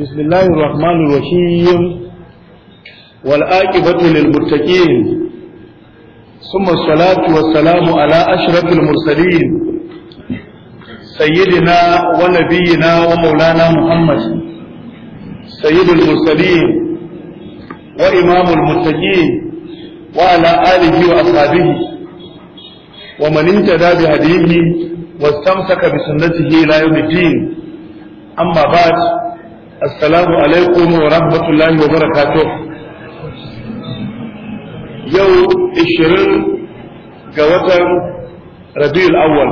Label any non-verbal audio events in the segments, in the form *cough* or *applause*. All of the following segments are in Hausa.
بسم الله الرحمن الرحيم والآكبة للمتقين ثم الصلاة والسلام على أشرف المرسلين سيدنا ونبينا ومولانا محمد سيد المرسلين وإمام المتقين وعلى آله وأصحابه ومن انتدى بهديه واستمسك بسنته إلى يوم الدين أما بعد assalamu alaikum wa rahmatullahi wa barakatuh yau 20 ga watan rabiul awwal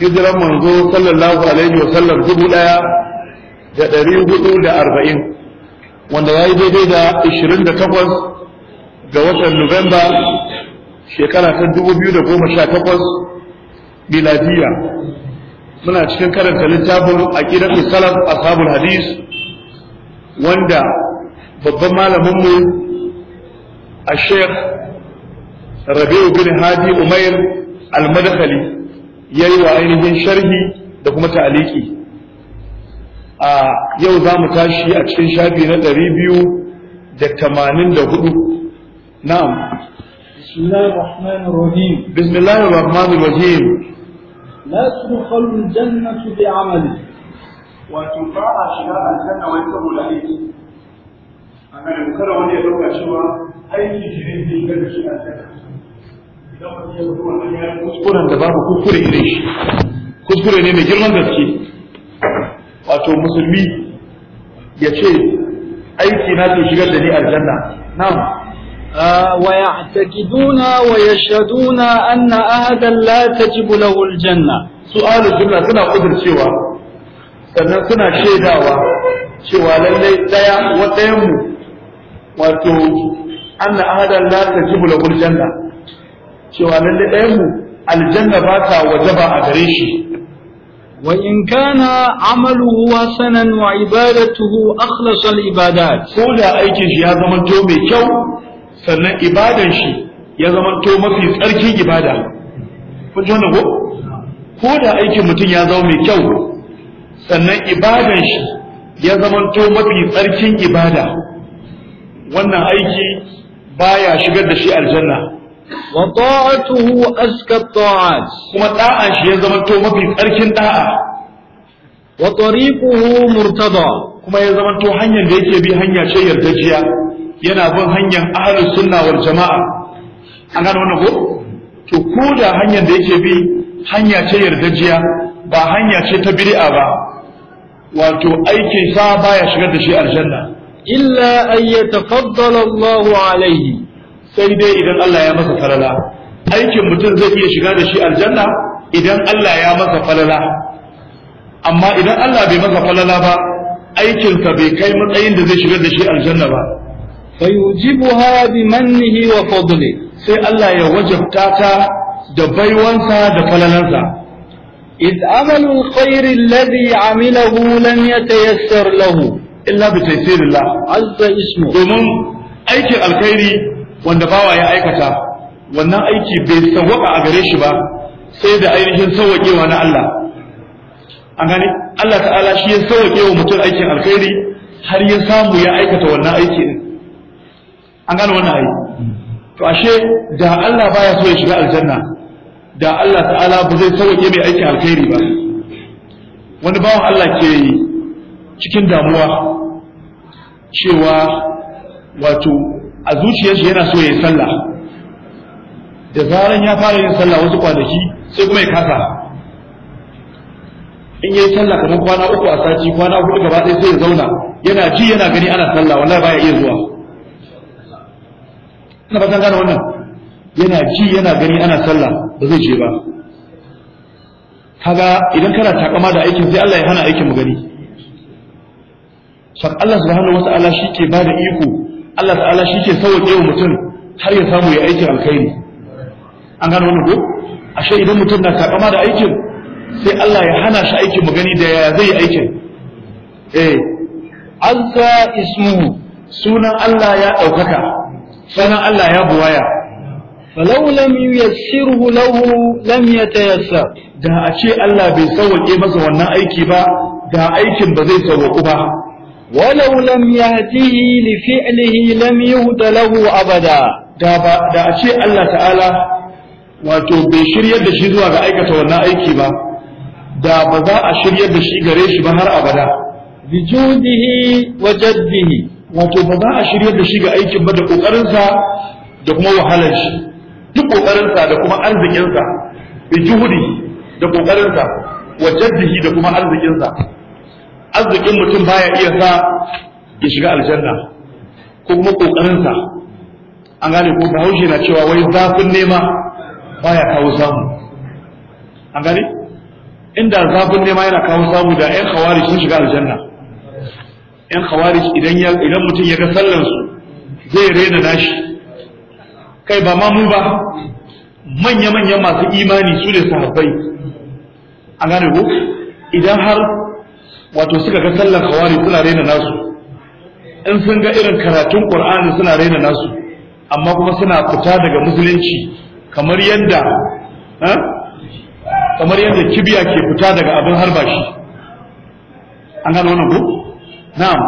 hijiran manzo sallallahu alaihi wa sallam dubu daya da ɗari hudu da arba'in wanda ya yi daidai da ishirin da takwas ga watan nuwamba shekara ta dubu biyu da goma sha takwas muna cikin karanta littafin aqidat salaf ashabul hadis wanda babban malamin mu al-sheikh Rabi'u bin Hadi Umair al-Madkhali yayi wa ainihin sharhi da kuma ta'aliki a yau za mu tashi a cikin shafi na ɗari biyu da tamanin da hudu na'am bismillahir rahmanir rahim la tudkhal al-jannatu bi 'amali wato ba a shiga aljanna wai saboda aiki amma da kada wani ya dauka cewa aiki shi ne zai ga shi aljanna idan wani ya mutu wannan ya kuskuren da babu kuskure irin shi kuskure ne mai girman gaske wato musulmi ya ce aiki na ke shigar da ni aljanna na'am ويعتقدون ويشهدون أن أحدا لا تجب له الجنة سؤال الجملة سنة قدر سوى sannan suna shaidawa cewa lallai ɗaya wa ɗayanmu wato an na ahadan la ta jibu lahul lallai ɗayanmu aljanna ba ta a gare shi وإن كان عمله حسنا وعبادته أخلص العبادات. قول أيكي يا زمن تومي sannan ibadan shi ya zama to mafi tsarkin ibada kun ji wannan ko ko da aikin mutum ya zama mai kyau sannan ibadan shi ya zama to mafi tsarkin ibada wannan aiki baya shigar da shi aljanna wa ta'atuhu aska ta'at kuma da'an shi ya zama to mafi tsarkin da'a wa tariquhu murtada kuma ya zama to hanyar da yake bi hanya ce yardajiya yana bin hanyar ahlus sunna wal jama'a an gano wannan ko to ko da hanyar da yake bi hanya ce yardajiya ba hanya ce ta bid'a ba wato aikin sa baya shigar da shi aljanna illa an yatafaddala Allah alaihi sai dai idan Allah ya masa falala aikin mutum zai iya shiga da shi aljanna idan Allah ya masa falala amma idan Allah bai masa falala ba aikinsa bai kai matsayin da zai shigar da shi aljanna ba fayujibuha bimannihi wa fadli sai Allah ya wajabta ta da baiwansa da falalansa id amalu alkhair alladhi amilahu lam yatayassar lahu illa bi taysirillah azza ismu domin aikin alkhairi wanda bawa ya aikata wannan aiki bai sawaka a gare shi ba sai da ainihin sawakewa na Allah an gani. Allah ta'ala shi ya sawake wa mutum aikin alkhairi har ya samu ya aikata wannan aiki an gane wannan ayi to ashe da Allah baya so ya shiga aljanna da Allah ta'ala ba zai sauke mai aiki alkhairi ba wani bawan Allah ke cikin damuwa cewa wato a zuciyarsa yana so ya yi sallah da zaran ya fara yin sallah wasu kwanaki sai kuma ya kasa in yayi salla kamar kwana uku a sati kwana hudu gaba ɗaya sai ya zauna yana ji yana gani ana sallah wallahi baya iya zuwa ina ba san gane wannan yana ji yana gani ana sallah ba zai je ba kaga idan kana takama da aikin sai Allah ya hana aikin mu gani san Allah subhanahu wata'ala ke ba da iko Allah ta'ala shike sauke wa mutum har ya samu ya aikin alkhairi an gane wannan ko ashe idan mutum na takama da aikin sai Allah ya hana shi aikin mu gani da ya zai yi aikin eh anta ismuhu sunan Allah ya ɗaukaka sanan Allah ya buwaya falau lam yuyassirhu lahu lam yatayassar da a ce Allah bai sauke masa wannan aiki ba da aikin ba zai sauku ba walau lam yahdihi li fi'lihi lam yuhda lahu abada da ba da a ce Allah ta'ala wato bai shiryar da shi zuwa ga aikata wannan aiki ba da ba za a shiryar da shi gare shi ba har abada bijudihi wa jaddihi wato ba za a shirya da shi ga aikin ba da ƙoƙarinsa da kuma wahalar shi duk ƙoƙarinsa da kuma arzikinsa bi juhudi da ƙoƙarinsa wa jaddihi da kuma arzikinsa arzikin mutum baya iya sa ya shiga aljanna ko kuma ƙoƙarinsa an gane ko bahaushe na cewa wai zafin nema baya kawo samu an gane inda zafin nema yana kawo samu da ƴan hawari sun shiga aljanna yan khawarij idan ya idan mutum ya ga sallar su zai rena nashi kai ba ma mu ba manya manya masu imani su ne sahabbai a gane ko idan har wato suka ga sallar khawarij suna rena nasu in sun ga irin karatun qur'ani suna rena nasu amma kuma suna fita daga musulunci kamar yadda eh, kamar yadda kibiya ke fita daga abin harba shi an gano wannan ko na'am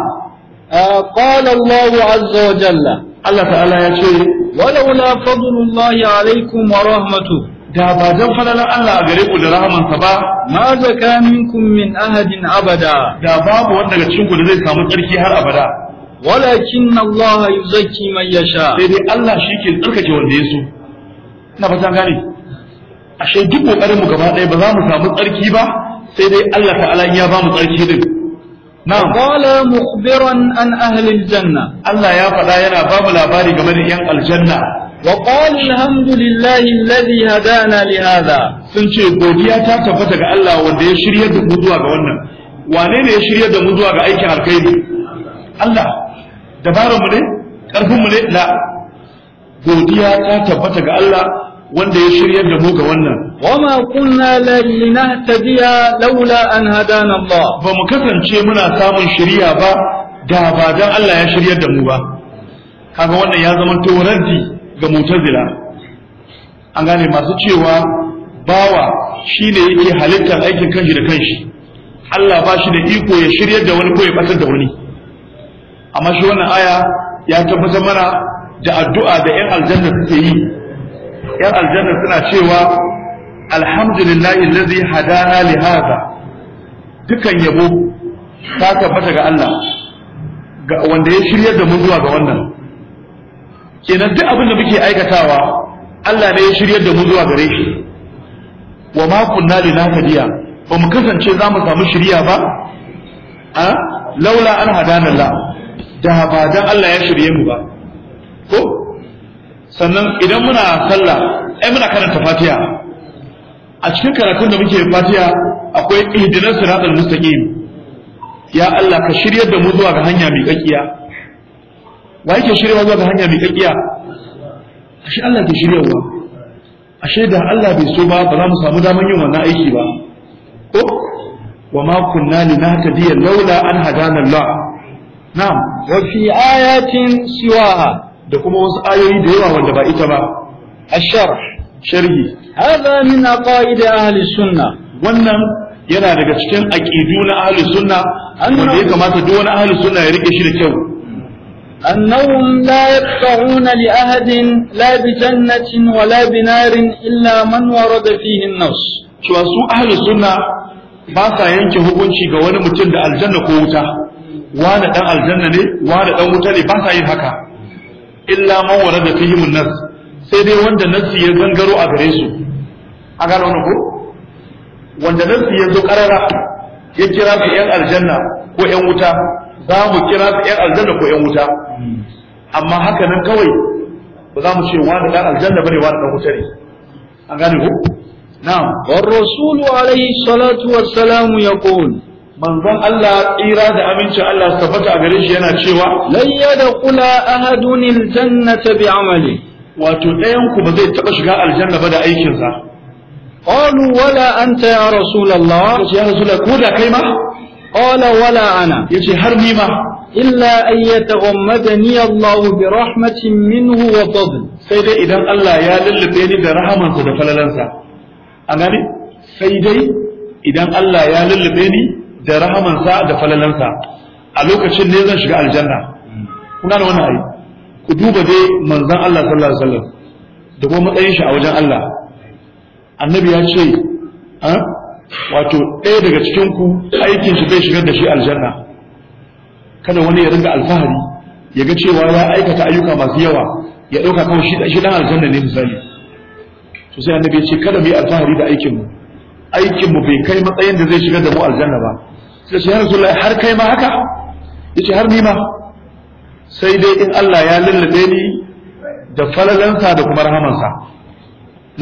قال الله عز وجل الله تعالى يقول ولولا فضل الله عليكم ورحمته da ba dan falalar Allah a gare ku da rahamansa ba ma zaka minkum min ahadin abada da babu wanda daga cikin ku da zai samu tsarki har abada walakin Allah yuzakki man yasha sai dai Allah shi ke tsarkake wanda ya so ina fata gane ashe duk kokarin mu gaba ɗaya ba za mu samu tsarki ba sai dai Allah ta'ala ya ba mu tsarki din نعم قال مخبرا عن أهل الجنة الله يا فلا ينا باب الأباري قبل ين الجنة وقال الحمد لله الذي هدانا لهذا سنشي قوديا تاتفتك الله وانده يشري يد مدوى قوانا وانين يشري يد مدوى قائك الكيب الله dabarar mu ne karfin mu ne la godiya ta tabbata ga Allah wanda ya shiryar da mu ga wannan وما كنا لنهتدي لولا أن هدانا الله بمكفن شيء منا سامن شريعة با دا با دا الله يا شريعة دمو با kaga wannan ya zama toranti ga mutazila an gane masu cewa bawa shine yake halittar aikin kanshi da kanshi Allah ba shi da iko ya shiryar da wani ko ya batar da wani amma shi wannan aya ya tabbatar mana da addu'a da 'yan aljanna suke yi 'yan aljanna suna cewa alhamdulillahi allazi hadana li hadha dukan yabo ta tabbata ga Allah ga wanda ya shirya da mu zuwa ga wannan kenan duk abin da muke aikatawa Allah ne ya shirya da mu zuwa gare shi wa ma kunna nahdiya ba mu kasance za mu samu shiriya ba a laula an hadana Allah da ba dan Allah ya shirye mu ba ko sannan idan muna sallah ai muna karanta fatiha a cikin karatun da muke fatiya, akwai ihdinas siratal mustaqim ya Allah ka shiryar da mu zuwa ga hanya mai kakkiya wa yake shiryarwa zuwa ga hanya mai kakkiya ashe Allah ke shiryarwa ashe da Allah bai so ba ba za mu samu daman yin wannan aiki ba ko wa ma kunna linahtadiya laula an hadana Allah na'am wa fi ayatin siwaha da kuma wasu ayoyi da yawa wanda ba ita ba الشرح sharhi hada min aqaid ahli sunna wannan yana daga cikin aqidu na ahli sunna wanda ya kamata duk wani ahli sunna ya rike shi da kyau أنهم لا يقطعون لأحد لا بجنة ولا بنار إلا من ورد فيه النص شو سو أهل السنة ba sa yanke hukunci ga wani mutum da aljanna ko wuta Wa wani dan aljanna ne Wa wani dan wuta ne ba sa yin haka illa man warada fihim nas sai dai wanda nassi ya zangaro a gare su a gano wani ko wanda nassi ya zo karara ya kira su yan aljanna ko yan wuta za mu kira su yan aljanna ko yan wuta amma haka nan kawai ba za mu ce wani dan aljanna bane wani dan wuta ne a gane ko na'am war rasulu alaihi salatu wassalamu yaqul manzon Allah tsira da amincin Allah tabbata a gare shi yana cewa lan yadkhula ahadun aljannata bi amali wato ɗayan ku ba zai taɓa shiga aljanna ba da aikinsa qalu wala anta ya rasulullah ya rasulullah ko da kai ma qala wala ana yace har ni ma illa an yataghammadani Allah bi rahmatin minhu wa fadl sai dai idan Allah ya lullube ni da rahamansa da falalansa a gani sai dai idan Allah ya lullube ni da rahamansa da falalansa a lokacin ne zan shiga aljanna kuna da wannan ayi ku duba dai manzon Allah sallallahu alaihi wasallam da kuma matsayin shi a wajen Allah annabi ya ce ah, wato ɗaya daga cikin ku aikin shi zai shigar da shi aljanna kada wani ya ringa alfahari ya ga cewa ya aikata ayyuka masu yawa ya ɗauka kawai shi dan aljanna ne misali to sai annabi ya ce kada mu yi alfahari da aikin mu aikin mu bai kai matsayin da zai shigar da mu aljanna ba sai shi har har kai ma haka yace har ni ma sai dai in Allah ya lullube ni da falalansa da kuma rahamansa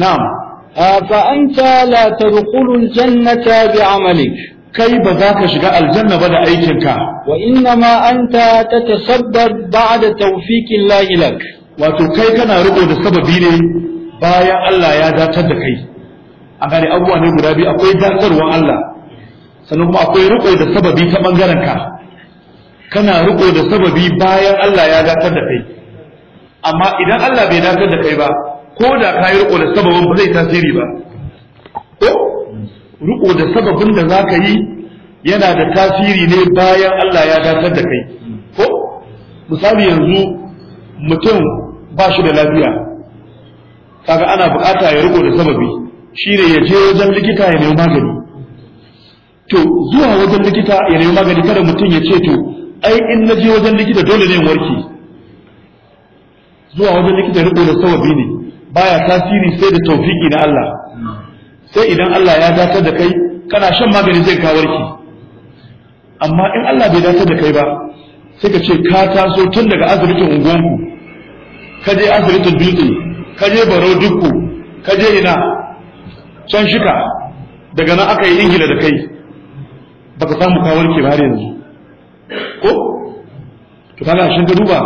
na'am afa anta la tadkhulul jannata amalik. kai ba za ka shiga aljanna ba da aikinka wa ma anta tatasabbab ba'da tawfiqillahi lak wato kai kana riko da sababi ne bayan Allah ya datar da kai a gane abubuwa ne guda biyu akwai datarwan Allah sannan kuma akwai riko da sababi ta bangaren ka kana riko da sababi bayan Allah ya dakar da kai amma idan Allah bai dakar da kai ba ko da ka yi riko da sababin ba zai tasiri ba ko riko da sababin da za ka yi yana da tasiri ne bayan Allah ya dakar da kai ko misali yanzu mutum ba shi da lafiya kaga ana bukata ya riko da sababi shine ya je wajen likita ya nemi magani to zuwa wajen likita ya nemi magani kada mutum ya ce to ai in na je wajen likita dole ne in warke zuwa wajen likita riko da sawabi ne baya tasiri sai da taufiki na Allah sai idan Allah ya datar da kai kana shan magani zai ka warke amma in Allah bai datar da kai ba sai ka ce ka taso tun daga asibitin unguwanku ka je asibitin dutse ka je baro dukku ka je ina can shika daga nan aka yi ingila da kai baka samu ka warke ba har yanzu ko to kaga shin ka duba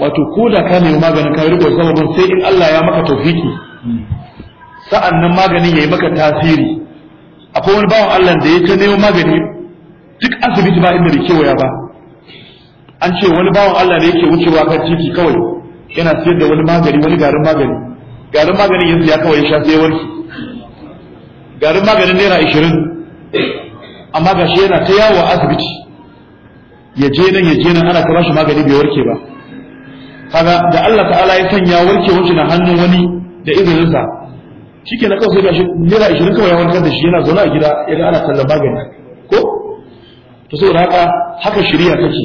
wato ko da ka nemi maganin ka riko sababin sai in Allah ya maka tawfiki sa'an nan maganin yayi maka tasiri akwai wani bawan Allah da ya ta nemo magani duk asibiti ba inda bai waya ba an ce wani bawan Allah da yake wucewa kan titi kawai yana siyar da wani magani wani garin magani garin maganin yanzu ya kawai sha sai warki garin maganin naira ashirin amma gashi shi yana ta yawo a asibiti ya je nan ya je nan ana ta bashi magani bai warke ba kaga da Allah ta'ala ya sanya warke wucin na hannun wani da izinin sa na kawai sai gashi naira 20 kawai ya warkar da shi yana zaune a gida ga ana tallan magani ko to saboda haka haka shirya take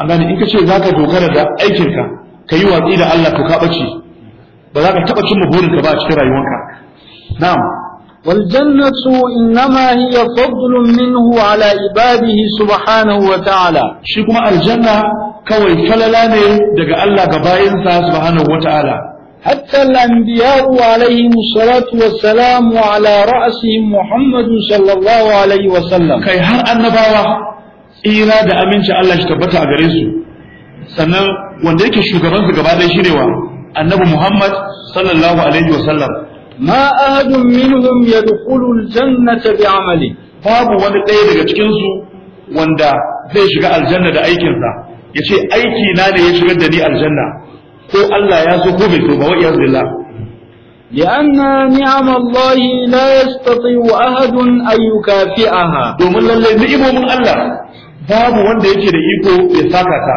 an gane in ka ce zaka dogara da aikin ka yi watsi da Allah to ka bace ba za ka taba cimma ka ba a cikin rayuwarka na'am والجنة إنما هي فضل منه على عباده سبحانه وتعالى شكما الجنة كوي فللاني دقى الله قبائل سبحانه وتعالى حتى الأنبياء عليهم الصلاة والسلام على رأسهم محمد صلى الله عليه وسلم كي هر النباوة إيراد أمين شاء الله اشتبت أغريسو سنة وانديك الشكران في قبائل شنوا النبي محمد صلى الله عليه وسلم ma ahadun minhum yadkhulu aljannata bi'amali babu wani ɗaya daga cikin wanda zai shiga aljanna da aikinsa yace aiki na ne ya shigar da ni aljanna ko Allah ya so ko bai so ba wa iyaz billah لأن نعم الله لا يستطيع أحد أن يكافئها domin lallai ni'imomin Allah babu wanda yake da iko ya saka ta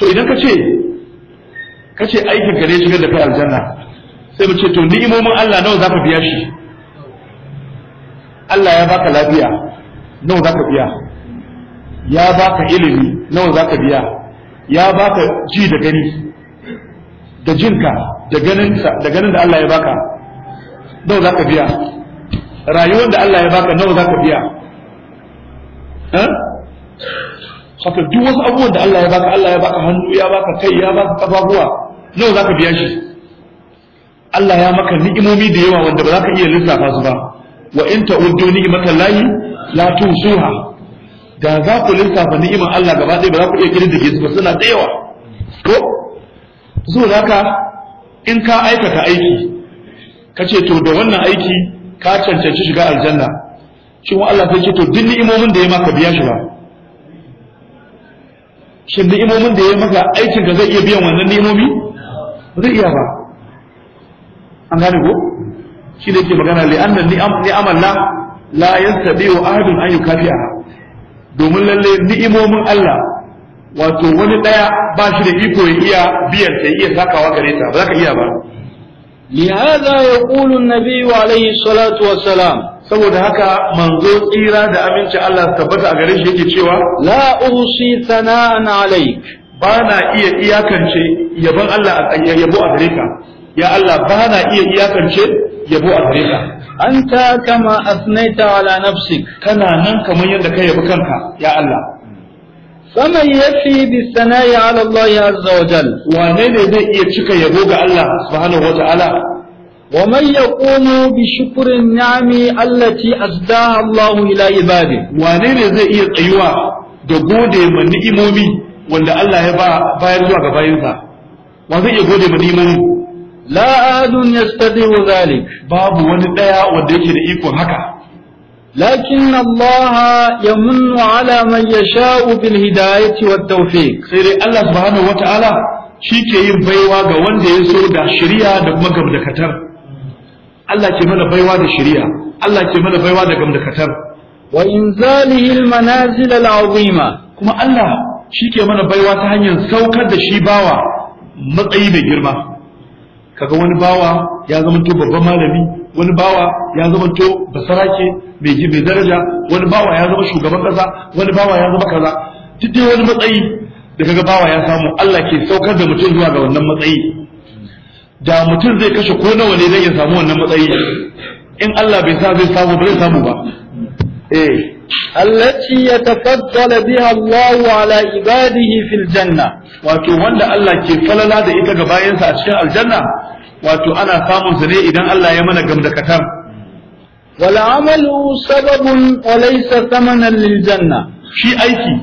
to idan ka ce ka ce aikin shigar da kai aljanna sai mu ce to ni'imomin Allah nawa zaka biya shi Allah ya baka lafiya nawa zaka biya ya baka ilimi nawa zaka biya ya baka ji da gani da jinka da ganin da ganin da Allah ya baka nawa zaka biya rayuwar da Allah ya baka nawa zaka biya Ha? Eh? haka duk wasu abubuwan da Allah ya baka Allah ya baka hannu ya baka kai ya baka kafafuwa nawa zaka biya shi Allah ya maka ni'imomi da yawa wanda ba za ka iya lissafa su ba wa in uddu ni'imata lahi la tusuha da za ku lissafa ni'imar Allah gaba ɗaya ba za ku iya kirdige su ba suna da yawa ko so zaka in ka aikata aiki ka ce to da wannan aiki ka cancanci shiga aljanna shin wa Allah sai ce to duk ni'imomin da ya maka biya shi ba shin ni'imomin da ya maka aikin ka zai iya biyan wannan ni'imomi ba zai iya ba an gane ko shi da ke magana li anna ni la la yastabi wa ahadun an yukafiha domin lalle ni'imomin Allah wato wani daya ba shi da iko ya iya biyan sai iya sakawa gare ta ba za ka iya ba لهذا يقول النبي عليه الصلاة والسلام saboda haka manzo tsira da aminci Allah tabbata a gare shi yake cewa La'usi uhsi sana'an alaik ba na iya iyakance yabon Allah a yabo a ka ya Allah ba na iya iyakance yabo a gare ka an ta kama asnaita ala nafsi kana nan kamar yadda kai yabi kanka ya Allah sama yafi bi sanayi ala Allah ya azza wa jal wane ne zai iya cika yabo ga Allah subhanahu wa ta'ala wa man yaqumu bi shukri ni'ami allati azda Allah ila ibadi wane ne zai iya tsayuwa da gode ma ni'imomi wanda Allah ya ba bayar zuwa ga bayinsa wa zai iya gode ma ni'imomi la adun yastadiu zalik babu wani ɗaya wanda yake da ikon haka lakin Allah yamunnu ala man yasha'u bil hidayati wat tawfiq sai dai Allah subhanahu wataala shike yin baiwa ga wanda ya so da shari'a da kuma gamdakatar Allah ke mana baiwa da shari'a Allah ke mana baiwa da gamdakatar wa inzalihi al manazil al azima kuma Allah mana baiwa ta hanyar saukar da shi bawa matsayi mai girma kaga wani bawa ya zama to babban malami wani bawa ya zama to basarake mai ji daraja wani bawa ya zama shugaban kasa wani bawa ya zama kaza duk dai wani matsayi da kaga bawa ya samu Allah ke saukar da mutum zuwa ga wannan matsayi da mutum zai kashe ko nawa ne zai ya samu wannan matsayi in Allah bai sa zai samu ba zai samu ba eh التي يتفضل بها الله على عباده في الجنة واتو وانا الله كي فللا دا إتا قبائن سأشكال الجنة واتو أنا سامن سنة إذن الله يمنى قمد كتام والعمل سبب وليس ثمنا للجنة شي أيكي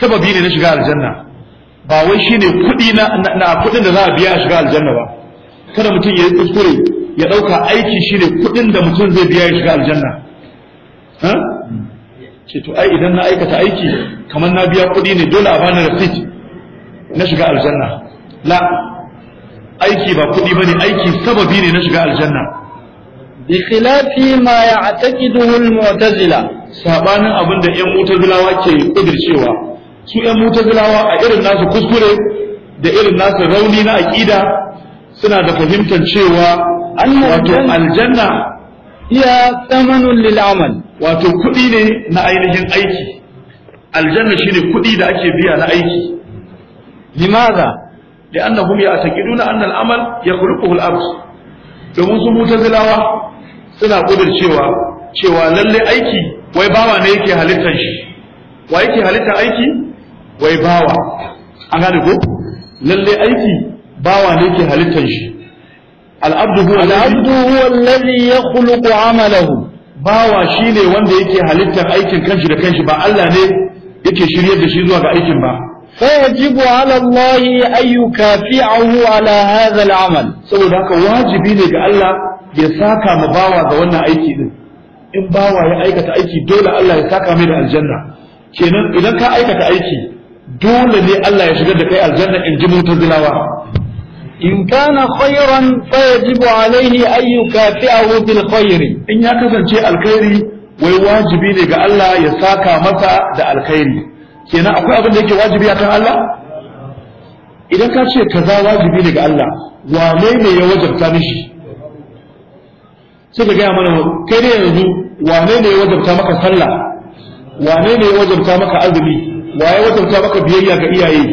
سببي لنشغال الجنة ba wai shine kuɗi na na kuɗin da za a biya shiga aljanna ba kada mutum ya yi kuskure ya ɗauka aiki shine kuɗin da mutum zai biya ya shiga aljanna ce to ai idan na aikata aiki kamar na biya kuɗi ne dole a bani receipt na shiga aljanna la aiki ba kuɗi bane aiki sababi ne na shiga aljanna bi khilafi ma ya'taqiduhu al-mu'tazila sabanin abin da ƴan mutazilawa ke kudircewa su ƴan mutazilawa a irin nasu kuskure da irin nasu rauni na aqida suna da fahimtar cewa wato aljanna hiya thamanun lil amal wato kuɗi ne na ainihin aiki aljanna shine kuɗi da ake biya na aiki limaza لأنهم يعتقدون أن العمل يخلقه الأرض domin su mutazilawa suna gudun cewa cewa lalle aiki wai bawa ne yake halittar shi wa yake halittar aiki wai bawa an gane ko lalle aiki bawa ne yake halittar shi al'abdu huwa al'abdu huwa alladhi yakhluqu amalahu bawa shine wanda yake halittar aikin kanshi da kanshi ba Allah ne yake shiryar da shi zuwa ga aikin ba فيجب على الله أن يكافئه على هذا العمل saboda haka wajibi ne ga Allah ya saka ma bawa ga wannan aiki din in bawa ya aikata aiki dole Allah ya saka mai da aljanna kenan idan ka aikata aiki dole ne Allah ya shigar da kai aljanna in ji mutazilawa in kana khairan fayajibu alaihi an yukafi'ahu bil khairi in ya kasance alkhairi wai wajibi ne ga Allah ya saka masa da alkhairi kenan akwai abin da yake wajibi akan Allah idan ka ce kaza wajibi ne ga Allah wane ne ya wajabta mishi sai ka gaya mana kai ne yanzu wane ne ya wajabta maka sallah wane ne ya wajabta maka azumi waye wajabta maka biyayya ga iyaye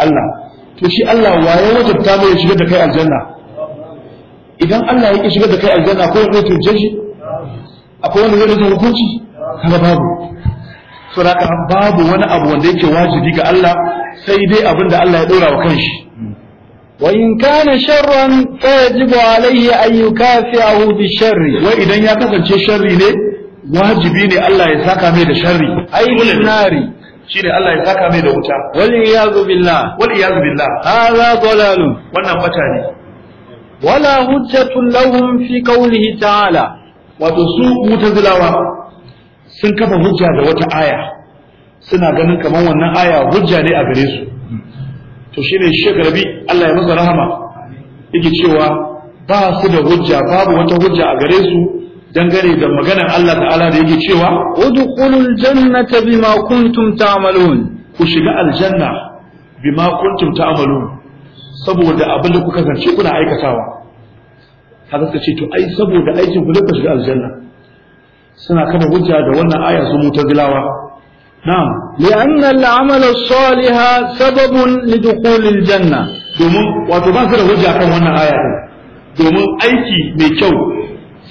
Allah to shi Allah waye wajabta mai ya shiga da kai aljanna idan Allah ya shiga da kai aljanna akwai wanda zai shi akwai wanda zai rage hukunci kaga babu saboda babu wani abu wanda yake wajibi ga Allah sai dai abin da Allah ya dora wa kanshi وإن كان شرا فيجب عليه sharri يكافئه idan ya kasance sharri ne wajibi ne Allah ya saka mai da sharri ai nari shine Allah ya saka mai da wuta Wani ya billah wal iyazu billah hada dalalun wannan bata wala hujjatun lahum fi qawlihi ta'ala wato su mutazilawa sun kafa hujja da wata aya suna ganin kamar wannan aya hujja ne a gare su to shine Sheikh Rabi Allah ya masa rahama yake cewa ba su da hujja babu wata hujja a gare su dangane da maganar Allah ta'ala da yake cewa udkhulul jannata bima kuntum ta'malun ku shiga aljanna bima kuntum ta'malun saboda abin da kuka zance kuna aikatawa kaga suka ce to ai saboda aikin ku kuka shiga aljanna suna kama hujja da wannan aya su mutazilawa na'am li'anna al-amal as-salih sababun lidukhul al-janna domin wato ba su da hujja kan wannan aya domin aiki mai kyau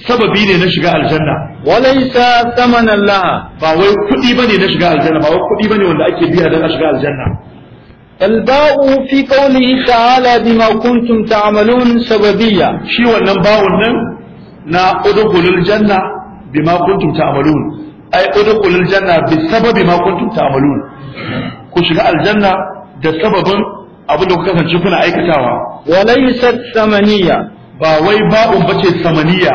sababi ne na shiga aljanna walaysa thamanan laha ba wai kuɗi bane na shiga aljanna ba wai kuɗi bane wanda ake biya don a shiga aljanna الباء في قوله تعالى بما كنتم تعملون سببية شي wannan bawon nan na udkhulul janna bima kuntum ta'malun ai udkhulul janna bi sababi ma kuntum ta'malun ku shiga aljanna da sababin abin da kuka kasance kuna aikatawa walaysat samaniya ba wai ba'un bace samaniya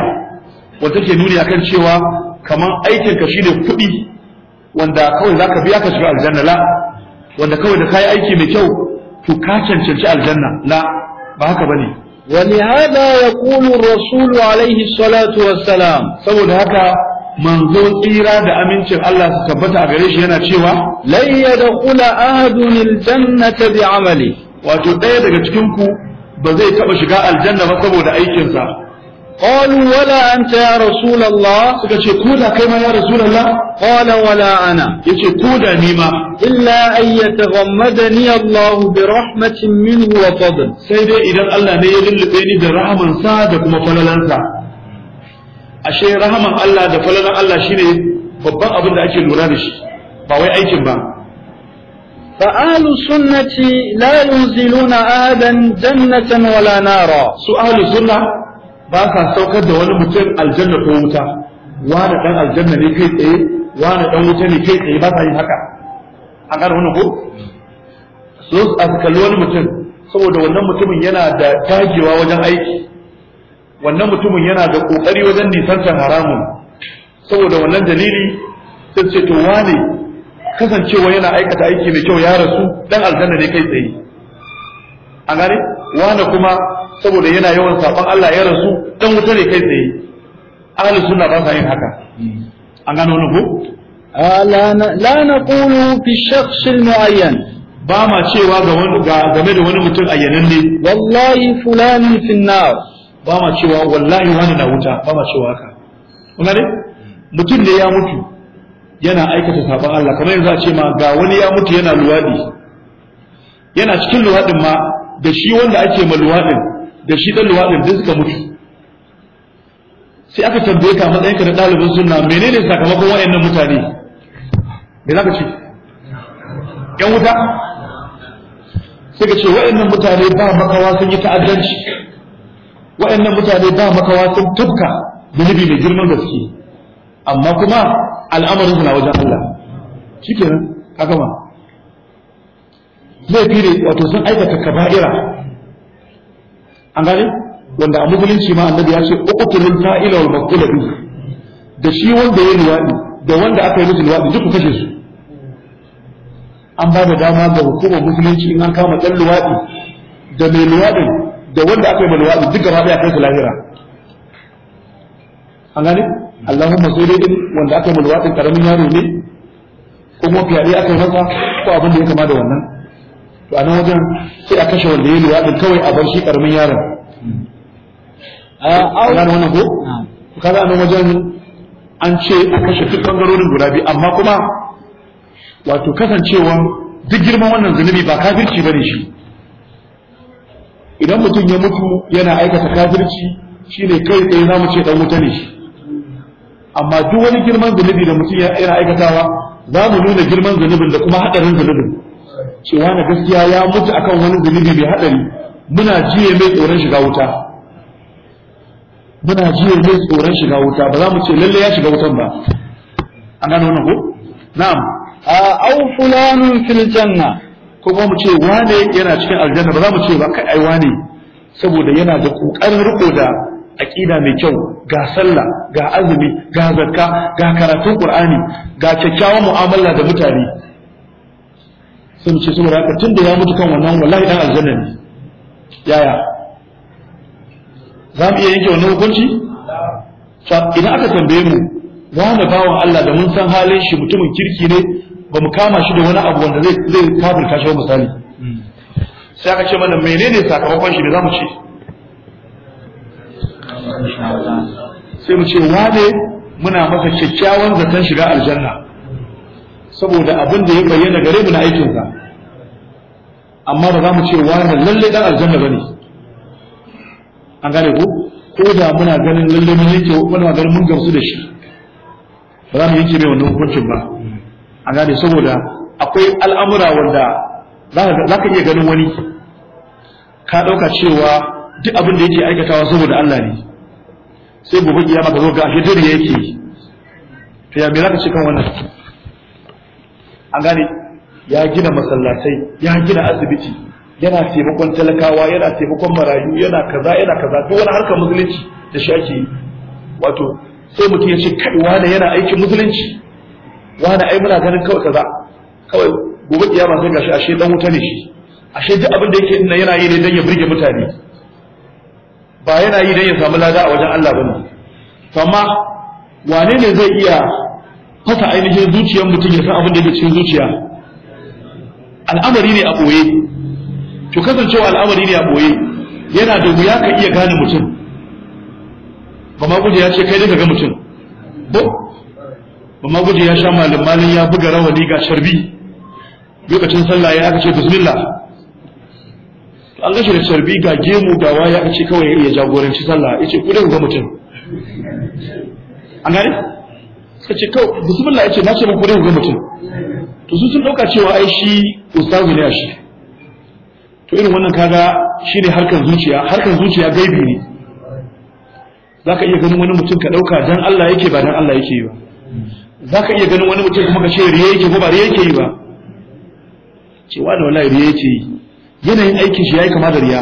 wanda ke nuni akan cewa kaman aikin ka shine kuɗi wanda kawai zaka biya ka shiga aljanna la wanda kawai da kai aiki mai kyau to ka cancanci aljanna la ba haka bane ya kulu الرسول alaihi salatu wassalam saboda haka manzo tsira da amincin Allah su tabbata a gare shi yana cewa lan yadkhula ahadun aljannata bi'amali wato daya daga cikin ku ba zai taba shiga aljanna ba saboda aikinsa qalu wala anta ya rasulullah suka ce ko da kai ma ya rasulullah qala wala ana yace ko da ni ma illa an yataghammadani Allah bi rahmatin minhu wa fadl sai dai idan Allah ne ya lullube ni da rahaman sa da kuma falalansa ashe rahaman Allah da falalan Allah shine babban abin da ake lura da shi ba wai aikin ba فأهل السنة لا ينزلون أحدا جنة ولا su سؤال السنة ba sa saukar da wani mutum aljanna ko wuta wani dan aljanna ne kai tsaye wani dan wuta ne kai tsaye ba sa yin haka an ƙara wani ko so a kalli wani mutum saboda wannan mutumin yana da dagewa wajen aiki wannan mutumin yana da kokari wajen nisantar haramun saboda wannan dalili sai ce to wane kasancewa yana aikata aiki mai kyau ya rasu dan aljanna ne kai tsaye an gane wane kuma saboda yana yawan saban Allah ya rasu dan wuta ne kai tsaye ahli sunna ba sa yin haka an gano wannan ko la naqulu fi shakhs muayyan ba ma cewa ga wani game da wani mutum ne. wallahi fulani fi nar ba ma cewa wallahi wani na wuta ba ma cewa haka kun gane mutum ne ya mutu yana aikata saban Allah kamar yanzu a ce ma ga wani ya mutu yana luwadi yana cikin luwadin ma da shi wanda ake ma luwadin da shi dan luwaɗin din suka mutu sai aka tambaye ka matsayin ka na ɗalibin sunna menene sakamakon wayannan mutane me zaka ce yan wuta Sai ka ce wayannan mutane ba makawa sun yi ta'addanci wayannan mutane ba makawa sun tubka zunubi mai girman gaske amma kuma al'amarin na wajen Allah shikenan a gama laifi ne wato sun aikata kaba'ira an gane wanda a musulunci ma annabi ya ce uqtulul fa'ila wal maqtula bihi da shi wanda yayi luwadi da wanda aka yi musu luwadi duk ku kashe su an ba da dama ga hukumar musulunci in an kama dan luwadi da mai luwadi da wanda aka yi luwadi duk gaba daya kai su lahira an gane Allahumma sai dai wanda aka yi luwadi karamin yaro ne ko kuma fiyade aka yi masa ko abin da ya kama da wannan to a nan wajen sai a kashe wanda ya luwaɗin kawai a bar shi ƙaramin yaron a ah, a wannan ko to kaga a nan wajen an ce a kashe duk bangarorin guda biyu amma kuma wato kasancewan duk girman wannan zunubi ba kafirci bane shi idan mutum ya mutu yana aikata kafirci shine kai tsaye za mu ce dan wuta ne shi amma duk wani girman zunubi da mutum yana aikatawa za mu nuna girman zunubin da kuma haɗarin zunubin cewa na gaskiya ya mutu akan wani zunubi mai hadari muna jiye mai tsoron shiga wuta muna jiye mai tsoron shiga wuta ba za mu ce lalle ya shiga wutan ba an gano wannan ko na'am A au fulanun fil janna ko mu ce wane yana cikin aljanna ba za mu ce ba kai ai wane saboda yana da kokarin riko da aqida mai kyau ga sallah ga azumi ga zakka ga karatun qur'ani ga kyakkyawan mu'amala da mutane sai mu ce saboda raka tun da ya mutu kan wannan wallahi dan aljanna ne yaya za mu iya yanke wannan hukunci idan aka tambaye mu wani bawan Allah da mun san halin shi mutumin kirki ne ba mu kama shi da wani abu wanda zai zai kafirta shi misali sai aka ce mana menene sakamakon shi ne, za mu ce sai mu ce wane muna masa kyakkyawan zaton shiga aljanna saboda abin da ya bayyana gare mu na aikinsa amma ba za mu ce wani lalle dan aljanna ba ne an gane ko ko da muna ganin lalle mun yake ma ganin mun gamsu da shi ba za mu yanke mai wannan hukuncin ba an gane saboda akwai al'amura wanda za ka iya ganin wani ka ɗauka cewa duk abin da yake aikatawa saboda Allah ne sai gobe kiyama ka zo ga ashe dare yake to ya me za ka ce kan wannan an gane ya gina masallatai ya gina asibiti yana taimakon talakawa yana taimakon marayu yana kaza yana kaza duk wani harkar musulunci da shi ake wato sai mutum ya ce kai wani yana aikin musulunci wani ai muna ganin kawai kaza kawai gobe kiyama sai gashi ashe dan wuta ne shi ashe duk abin da yake ina yana yi ne dan ya burge mutane ba yana yi dan ya samu lada a wajen Allah bane to amma wane ne zai iya fasa ainihin zuciyar mutum ya san abin da yake cikin zuciya al'amari ne a ɓoye to kasancewa al'amari ne a ɓoye yana da wuya ka iya gane mutum ba ma guje ya ce kai daga ga mutum ba ba ma guje ya sha malin ya buga rawani ga sharbi lokacin sallah ya aka ce bismillah an gashi da sharbi ga gemu ga waya aka ce kawai ya jagoranci sallah ya ce ku daga ga mutum an gane ka ce kawai bismillah ya ce na ce muku dai ga mutum to su sun dauka cewa ai shi ustazu ne a shi to irin wannan kaga shine harkar zuciya harkar zuciya gaibi ne zaka iya ganin wani mutum ka dauka dan Allah yake ba dan Allah yake yi ba zaka iya ganin wani mutum kuma ka ce riya yake ko ba riya yake yi ba cewa da wallahi riya yake yi yanayin aikin shi yayi kama da riya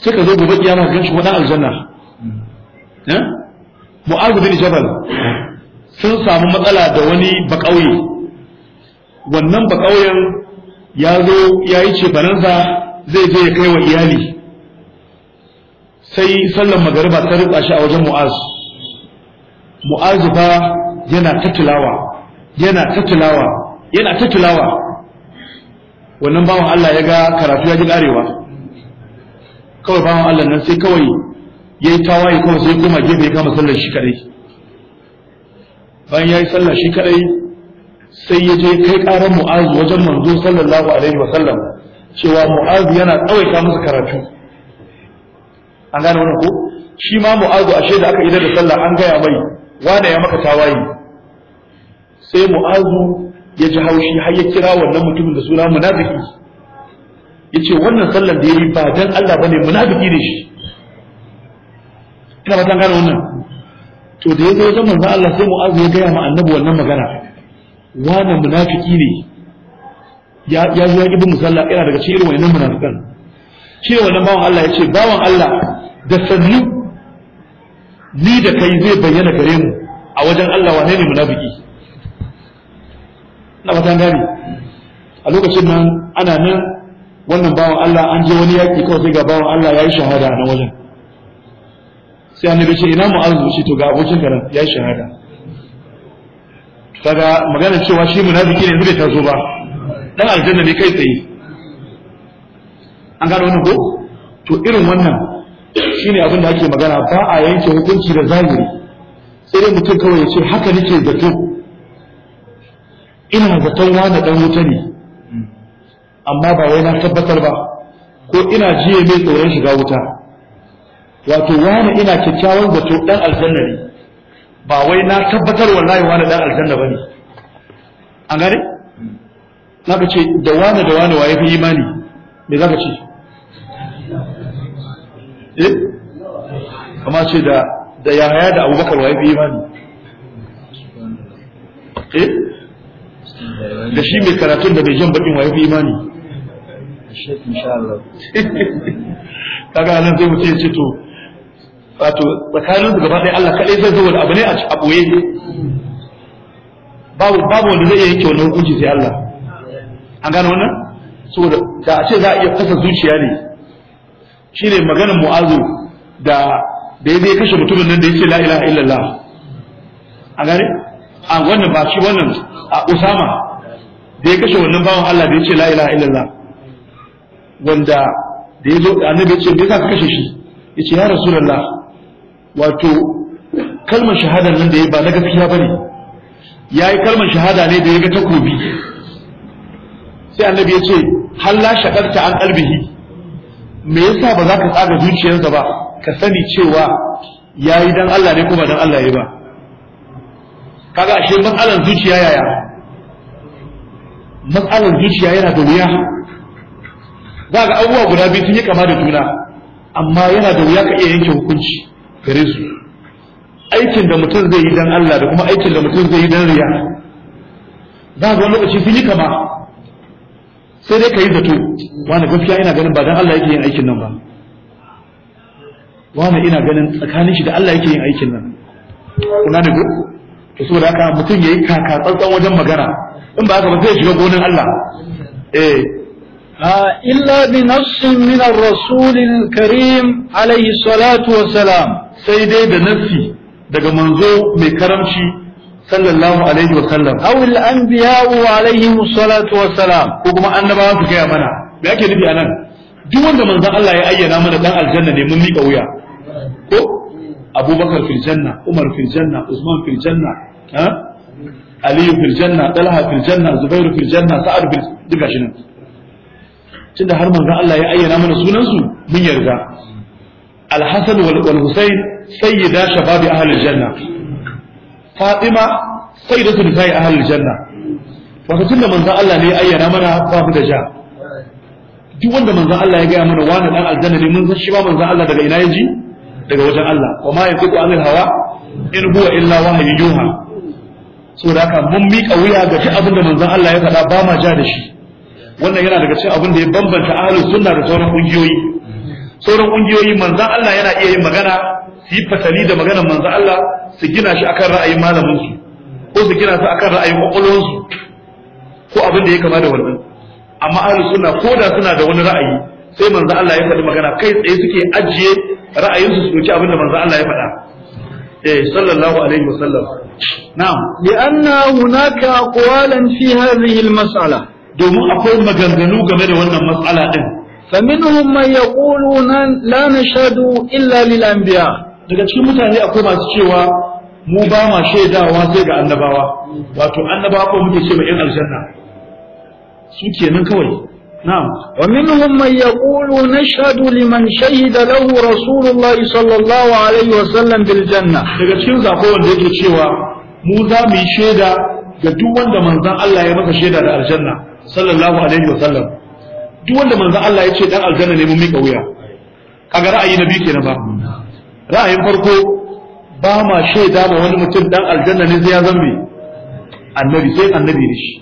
sai ka zo gobe kiyama ka ganshi wadan aljanna eh bin jabal sun samu matsala da wani bakauye wannan bakauyen ya zo ya yi cefanansa zai je ya kai wa iyali sai sallan magariba ta riƙa shi a wajen mu'az mu'az ba yana ta tilawa yana ta tilawa yana ta tilawa wannan bawan Allah ya ga karatu ya ji karewa kawai bawan Allah nan sai kawai ya yi tawaye kawai sai koma gefe ya kama sallar shi kadai bayan yi sallah shi kadai sai ya je kai karan mu'azu wajen manzo sallallahu alaihi wa sallam cewa mu'azu yana tsawaita musu karatu an gane wannan ko shi ma mu'azu ashe da aka idar da sallah an gaya mai wane ya maka tawaye sai mu'azu ya ji haushi har ya kira wannan mutumin da suna munafiki ce wannan sallar da yayi ba dan Allah bane munafiki ne shi ina ba tan gane wannan to da ya zo wajen manzo Allah sai mu'az ya gaya ma annabi wannan magana wani munafiki ne ya zo ya ƙi bin musalla yana daga cikin irin wannan munafikan shi wannan bawan Allah ya ce bawan Allah da sannu ni da kai zai bayyana gare mu a wajen Allah wane ne munafiki na fatan gane a lokacin nan ana nan wannan bawan Allah an je wani yaƙi kawai sai ga bawan Allah ya yi shahada a nan wajen sai annabi ce ina mu'azu shi to ga abokin garan ya yi shahada kaga magana cewa shi munafiki ne zai taso ba dan aljanna ne kai tsaye an gano wannan ko to irin wannan shine abin da ake magana ba a yanke hukunci da zahiri sai dai mutum kawai ya ce haka nake zato ina zaton wani dan wuta ne amma ba wai na tabbatar ba ko ina jiye mai tsoron shiga wuta wato wani ina kyakkyawan zato dan aljanna ne ba wai na tabbatar wallahi wani dan aljanna bane an gane ka ce da wani da wani waye fi imani me zaka ce eh kama ce da da yahaya da abubakar waye fi imani eh da shi mai karatun da bai jan bakin waye fi imani kaga nan zai mutum ya ce to wato tsakanin su gaba ɗaya Allah kaɗai zai zo wani abu ne a ɓoye babu babu wanda zai iya yanke wani hukunci sai Allah an gane wannan saboda da a ce za a iya fasa zuciya ne shine maganar mu'azu da da ya zai kashe mutumin nan da ya ce la ilaha illallah an gane a wannan ba shi wannan a usama da ya kashe wannan bawan Allah da ya ce la ilaha illallah wanda da ya zo annabi ya ce me yasa ka kashe shi yace ya rasulullah wato kalmar shahada nan da ya ba na gaskiya Ya yi kalmar shahada ne da ya ga takobi sai annabi ya ce halla shakarta an qalbihi me yasa ba za ka tsaga zuciyarsa ba ka sani cewa ya yi dan Allah ne kuma dan Allah ya ba kaga ashe matsalar zuciya yaya matsalar zuciya yana da wuya za ga abubuwa guda biyu sun yi kama da juna amma yana da wuya ka iya yanke hukunci gare su aikin da mutum zai yi dan Allah da kuma aikin da mutum zai yi dan riya za ga wani lokaci sun yi kama sai dai ka yi zato wani gaskiya ina ganin ba dan Allah yake yin aikin nan ba wani ina ganin tsakanin shi da Allah yake yin aikin nan kuna da duk to saboda haka mutum yayi kaka tsantsan wajen magana in ba haka ba zai shiga gonin Allah eh إلا بنص من الرسول الكريم عليه الصلاة والسلام sai dai da nassi daga manzo mai karamci sallallahu alaihi wa sallam aw al anbiya'u alaihi salatu wa salam ko kuma annabawa su gaya mana me ake nufi anan duk wanda manzon Allah ya ayyana mana dan aljanna ne mun mika wuya ko abubakar fil janna umar fil janna usman fil janna ha aliyu fil janna talha fil janna zubairu fil janna sa'ad fil duka shi nan tunda har manzon Allah ya ayyana mana sunan su mun yarda al-hasan wal husayn sayyida shababi ahlul janna fatima sayyidatu nisa'i ahlul janna wato tunda manzon Allah ne ya ayyana mana ba mu da ja duk wanda manzon Allah ya gaya mana wani dan aljanna ne mun san shi ba manzon Allah daga ina yaji daga wajen Allah wa ma yaqitu anil hawa in huwa illa wahyu yuha da ka mun miƙa wuya ga duk abin da Allah ya faɗa ba ma ja da shi wannan yana daga cikin abin da ya bambanta ahlus sunna da sauran kungiyoyi sauran kungiyoyi manzon Allah yana iya yin magana su yi fatali da maganar manzo Allah su gina shi akan ra'ayin malamin su ko su gina su akan ra'ayin kwakwalwar su ko abin da ya kama da wannan amma ahlus sunna ko da suna da wani ra'ayi sai manzo Allah ya faɗi magana kai tsaye suke ajiye ra'ayin su su doki abin da manzo Allah ya faɗa eh sallallahu alaihi wasallam na'am li'anna hunaka aqwalan fi hadhihi al-mas'ala domin akwai maganganu game da wannan mas'ala din فمنهم من يقول لا نشهد إلا للأنبياء daga cikin mutane akwai masu cewa mu ba ma shaidawa sai ga annabawa wato annabawa ko muke cewa ma yan aljanna su kenan kawai Na'am. wa minhum man yaqulu nashhadu liman shahida lahu rasulullahi sallallahu alaihi wa sallam bil janna daga cikin zako wanda yake cewa mu za mu yi shaida ga duk wanda manzon Allah ya maka shaida da aljanna sallallahu alaihi wa sallam, duk wanda manzon Allah ya ce dan aljanna ne mun mika wuya kaga ra'ayi nabi kenan ba ra'ayin farko ba ma shaida ma wani mutum dan aljanna ne sai ya zambe annabi sai annabi ne shi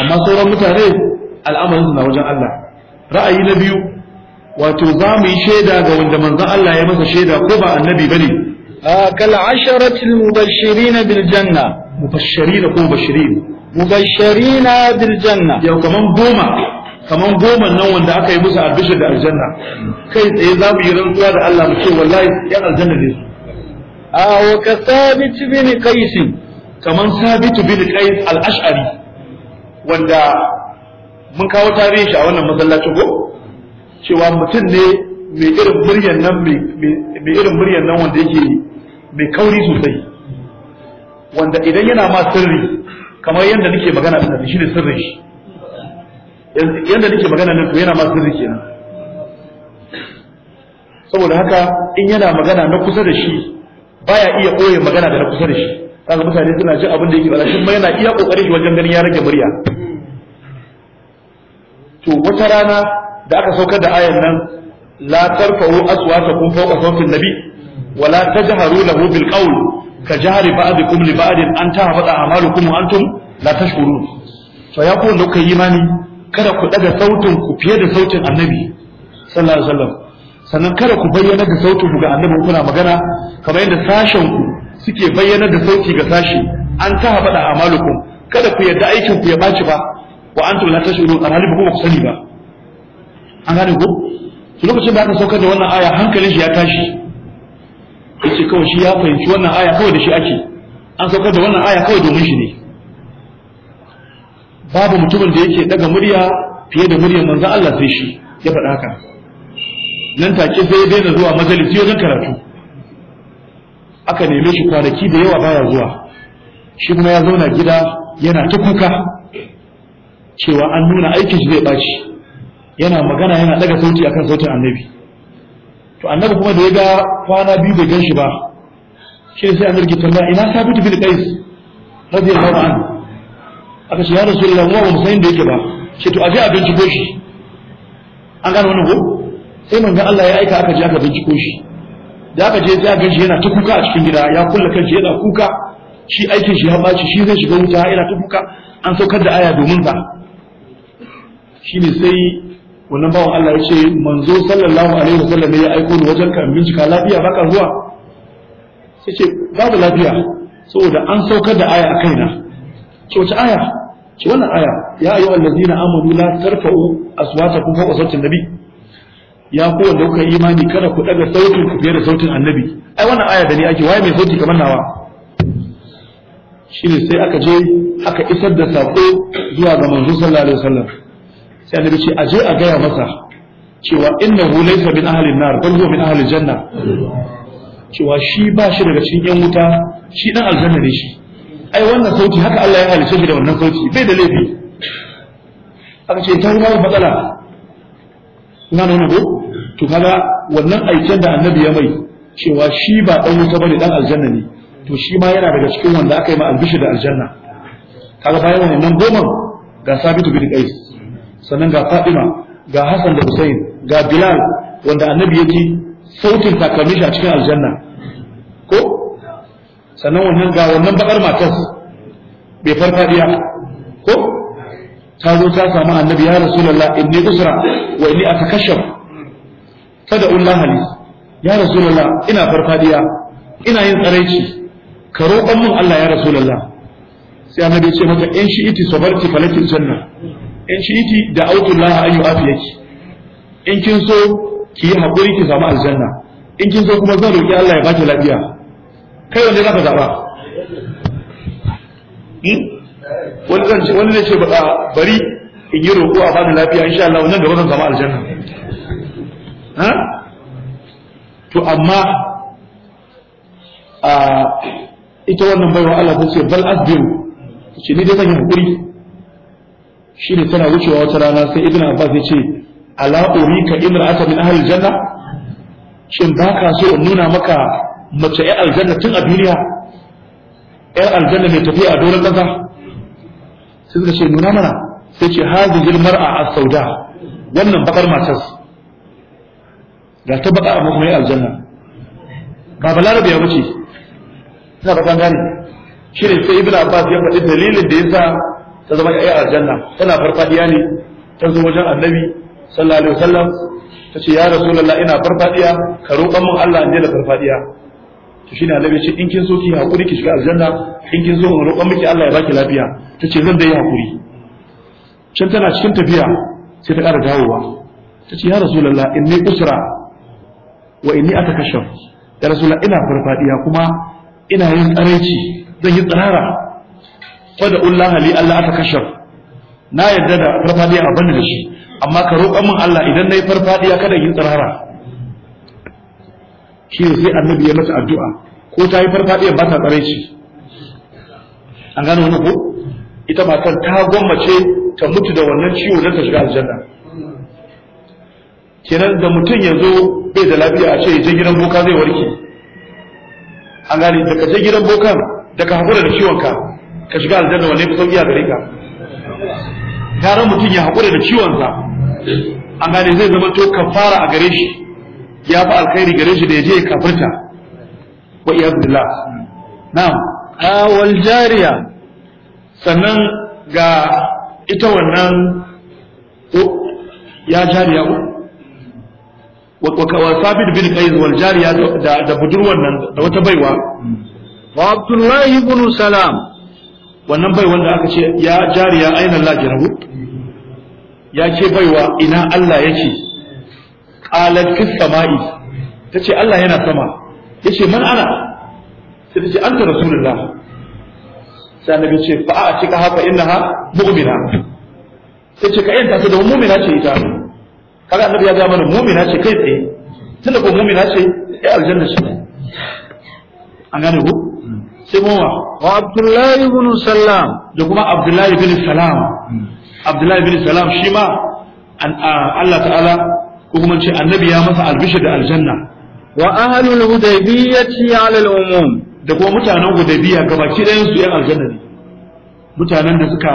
amma sauran mutane al'amarin na wajen Allah ra'ayi na biyu wato za mu yi shaida ga wanda manzon Allah ya masa shaida ko ba annabi bane kal asharatil mubashirin bil janna mubashirin ko mubashirin mubashirin bil janna yau kaman goma kamar goma nan wanda aka yi musu albishir da aljanna kai tsaye za mu yi rantsuwa da Allah mu ce wallahi yan aljanna ne su a wa ka sabitu bin qais kaman sabitu bin qais al-ash'ari wanda mun kawo tarihi shi a wannan masallaci ko cewa mutum ne mai irin muryan nan mai irin muryan nan wanda yake mai kauri sosai wanda idan yana ma sirri kamar yadda nake magana da shi ne sirrin shi yadda nake magana nan to yana ma sirri kenan saboda haka in yana magana na kusa da shi baya iya koye magana da na kusa da shi kaga mutane suna jin abin da yake ba shi ma yana iya kokari shi wajen ganin ya rage murya to wata rana da aka saukar da ayan nan la tarfa'u aswatakum fawqa sawti nabi wa la tajharu lahu bil qawl ka jahri ba'dikum li ba'din an tahbata a'malukum wa antum la tashkurun to ya ku imani kada ku daga sautin ku fiye da sautin annabi sallallahu alaihi wasallam sannan kada ku bayyana da sautin ku ga annabi kuna magana kamar yadda sashen ku suke bayyana da sauti ga sashi an ta habada amalukum kada ku yadda aikin ku ya baci ba wa antum la tashurun alhali ba ku sani ba an gane ku su lokacin da aka saukar da wannan aya hankalin shi ya tashi yace kawai shi ya fahimci wannan aya kawai da shi ake an saukar da wannan aya kawai domin shi ne babu mutumin da yake daga murya fiye da muryar manzo Allah sai shi ya faɗa haka nan take sai ya daina zuwa majalisi wajen karatu aka neme shi kwanaki da yawa baya zuwa shi kuma ya zauna gida yana ta kuka cewa an nuna aikin shi zai ɓaci yana magana yana ɗaga sauti akan sautin annabi to annabi kuma da ya ga kwana biyu bai gan shi ba shi sai an rikita ina sabitu bin qais radiyallahu anhu aka ce ya da lamuwa ba musayin da yake ba ce to a je a binciko shi an gane wani ko sai ga Allah ya aika aka je aka binciko shi da aka je sai aka shi yana ta kuka a cikin gida ya kulla kanshi yana kuka shi aikin shi ya baci shi zai shiga wuta yana ta kuka an saukar da aya domin Shi ne sai wannan bawan Allah ya ce manzo sallallahu alaihi wasallam ya aiko ni wajen ka bincika lafiya baka zuwa sai ce babu lafiya saboda an saukar da aya a kaina ce aya ce wannan aya ya ayu allazina amanu la tarfa'u aswatakum fawqa sawtin nabi ya ku wanda kuka imani kada ku daga sautin ku fiye da sautin annabi ai wannan aya da ni ake waye mai sauti kamar nawa shine sai aka je aka isar da sako zuwa ga manzo sallallahu alaihi wasallam sai annabi ce aje a gaya masa cewa innahu laysa min ahli an-nar bal huwa min ahli janna cewa shi ba shi daga cikin yan wuta shi dan aljanna ne shi ai wannan sauki haka Allah ya halice shi da wannan sauki bai da laifi aka ce ta ruwa matsala na nuna ko to kaga wannan aikin da annabi ya mai cewa shi ba dan wuta bane dan aljanna ne to shi ma yana daga cikin wanda aka yi ma albishi da aljanna kaga bayan wannan goma ga sabitu bin qais sannan ga fatima ga hasan da husain ga bilal wanda annabi ya yake sautin takalmishi a cikin aljanna ko sannan wannan ga wannan bakar matar bai farfadiya ko ta zo ta samu annabi ya rasulullah inni usra wa inni atakashaf tada ullah li ya rasulullah ina farfadiya ina yin tsaraici ka roƙon min Allah ya rasulullah sai annabi ya ce mata in shi iti sabarti falakil janna in shi iti da autullah an yu'afiyaki in kin so ki yi haƙuri ki samu aljanna in kin so kuma zan roƙi Allah ya baki lafiya kai wanda za ka zaɓa hmm? wani zai ce bari in yi roƙo a bani lafiya insha Allah wannan da zan zama aljanna ha to amma a ita wannan baiwa Allah ta ce bal asbiru ce ni dai zan yi hakuri shine tana wucewa wata rana sai ibn Abbas ya ce ala urika imra'atan min ahli janna shin ba ka so in nuna maka mace ya aljanna tun a duniya ‘yan aljanna mai tafiya a doron ƙasa sai suka ce nuna mana sai ce hazi girmar a sauda wannan bakar matas ga ta baka amma kuma aljanna ba balarabe ya wuce Suna ba kan gane shi ne sai ibn abbas ya faɗi dalilin da ya sa ta zama ya aljanna tana farfadiya ne ta zo wajen annabi sallallahu alaihi wasallam ta ce ya rasulullah ina farfadiya ka roƙan mun Allah in je da farfadiya to shine annabi ce in kin so ki hakuri ki shiga aljanna in kin so roƙon miki Allah ya baki lafiya Ta ce zan dai hakuri can tana cikin tafiya sai ta ƙara dawowa Ta ce ya rasulullah inni usra wa inni atakashaf ya rasulullah ina farfadiya kuma ina yin tsaraici zan yi tsirara da ullah li Allah atakashaf na yadda da farfadiya a banda da shi amma ka roƙon min Allah idan nayi farfadiya kada yi tsirara shi ne sai annabi ya mata addu'a ko ta yi farfadiyar ba ta tsare shi an gano wani ko ita matar ta gwammace ta mutu da wannan ciwo don ta shiga aljanna kenan da mutum ya zo bai da lafiya a ce ya je gidan boka zai warke an gane da ka je gidan bokan da ka haƙura da ciwonka ka shiga aljanna wanne fi sauƙi a gare ka gara mutum ya haƙura da ciwonsa an gane zai zama to kafara a gare shi ya fi alkhairi gare shi da ya je ya kafirta wa iyyazu billah na'am a wal jariya sannan ga ita wannan ya jariya ku? wa sabit bin qais wal jariya da da budurwan nan da wata baiwa wa abdullahi ibn salam wannan baiwan da aka ce ya jariya aina Allah janabu ya ce baiwa ina Allah ya ce? qalat fis sama'i tace Allah yana sama yace man ana sai tace anta rasulullah sai annabi ce fa a cika haka innaha mu'mina sai ce ka yanta ta da mu'mina ce ita kaga annabi ya ga mana mu'mina ce kai tsaye tunda ko mu'mina ce sai aljanna ce an gane ko sai kuma wa abdullahi ibn salam da kuma abdullahi ibn salam hmm. abdullahi ibn salam shi ma Allah ta'ala ko kuma ce annabi ya masa albishir da aljanna wa ahlul hudaybiyati ala al-umum da kuma mutanen hudaybiya gabaki ɗayan su yan aljanna ne mutanen da suka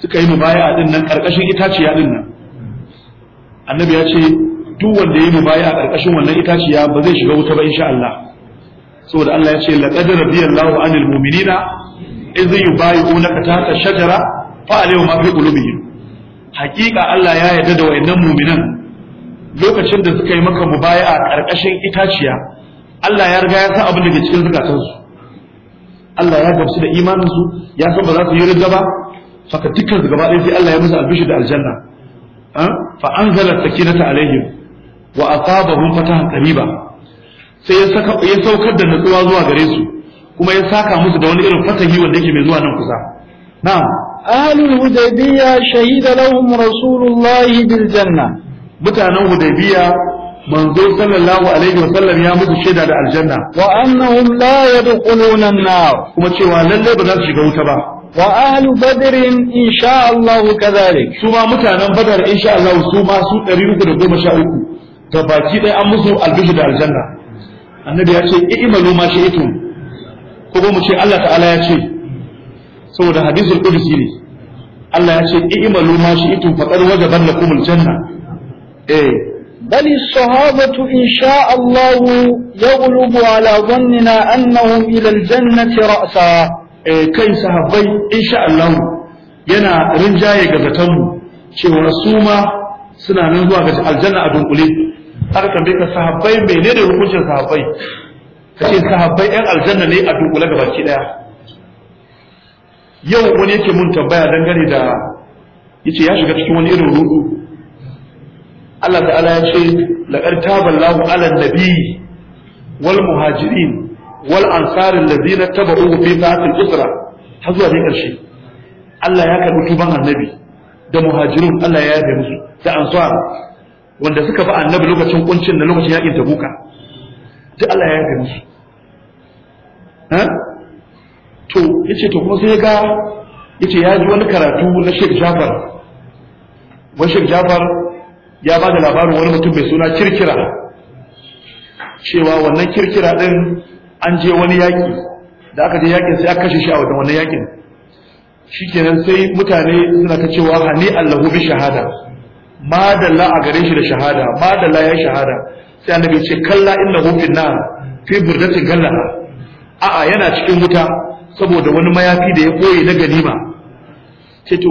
suka yi mubaya din nan karkashin itaciya din nan annabi ya ce duk wanda ya yi mubaya a karkashin wannan itaciya ba zai shiga wuta ba insha Allah saboda Allah ya ce laqad radiyallahu anil mu'minina idh yubayi'unaka tahta shajara fa alayhim ma fi qulubihim haqiqa Allah ya yarda da wayannan mu'minan lokacin da suka yi maka mubaya a ƙarƙashin itaciya Allah ya riga ya san abin da ke cikin zukatansu Allah ya gamsu da imaninsu ya san ba za su yi riga ba saka dukkan su gaba ɗaya sai Allah ya musu albishi da aljanna ah, fa anzala sakinata alaihim wa asabahum fatahan qariba sai ya saka ya saukar da nutsuwa zuwa gare su kuma ya saka musu da wani irin fatahi wanda yake mai zuwa nan kusa na'am ahlul hudaybiyya shahida lahum rasulullahi bil janna mutanen hudaybiya manzo sallallahu alaihi wasallam ya musu shaida da aljanna wa annahum la yadkhuluna an-nar kuma cewa lalle ba za su shiga wuta ba wa ahlu badr insha Allah kadhalik su ma mutanen badar insha Allah su ma su 313 ga baki dai an musu albishi da aljanna annabi ya ce i'malu ma shi'tum ko ba mu ce Allah ta'ala ya ce saboda hadisul qudsi ne Allah ya ce i'malu ma shi'tum faqad wajaba lakum janna. بل الصحابة إن شاء الله يغلب على ظننا أنهم إلى الجنة رأسا كي صحابي إن شاء الله ينا رنجاية قبتهم شو رسوما سنة نزوى الجنة أدن قليل أركم بيك صحابي مينين رموش صحابي kace sahabbai yan aljanna ne a dukule ga baki daya yau wani yake mun tambaya dangane da yace ya shiga cikin wani irin rudu Allah ta'ala ya ce laqad taballahu 'ala an-nabi wal muhajirin wal ansar alladhina tabauhu fi sa'ati al-usra har zuwa dai karshe Allah ya karbi tuban annabi da muhajirin. Allah ya yafe musu da ansar wanda suka bi annabi lokacin kuncin da lokacin yakin tabuka duk Allah ya yafe musu ha to yace to kuma sai ga yace ya ji wani karatu na Sheikh Jafar wa Sheikh Jafar ya ba da labarin wani mutum mai suna kirkira cewa wannan kirkira ɗin an je wani yaƙi da aka je yaƙin sai aka kashe shi a wannan yaƙin Shi kenan sai mutane suna ta cewa hani allahu bi shahada madalla a gare shi da shahada madalla ya shahada sai annabi ce kalla innahu fin nar fi burdatin gallaha a'a yana cikin wuta saboda wani mayafi da ya koye na ganima ce to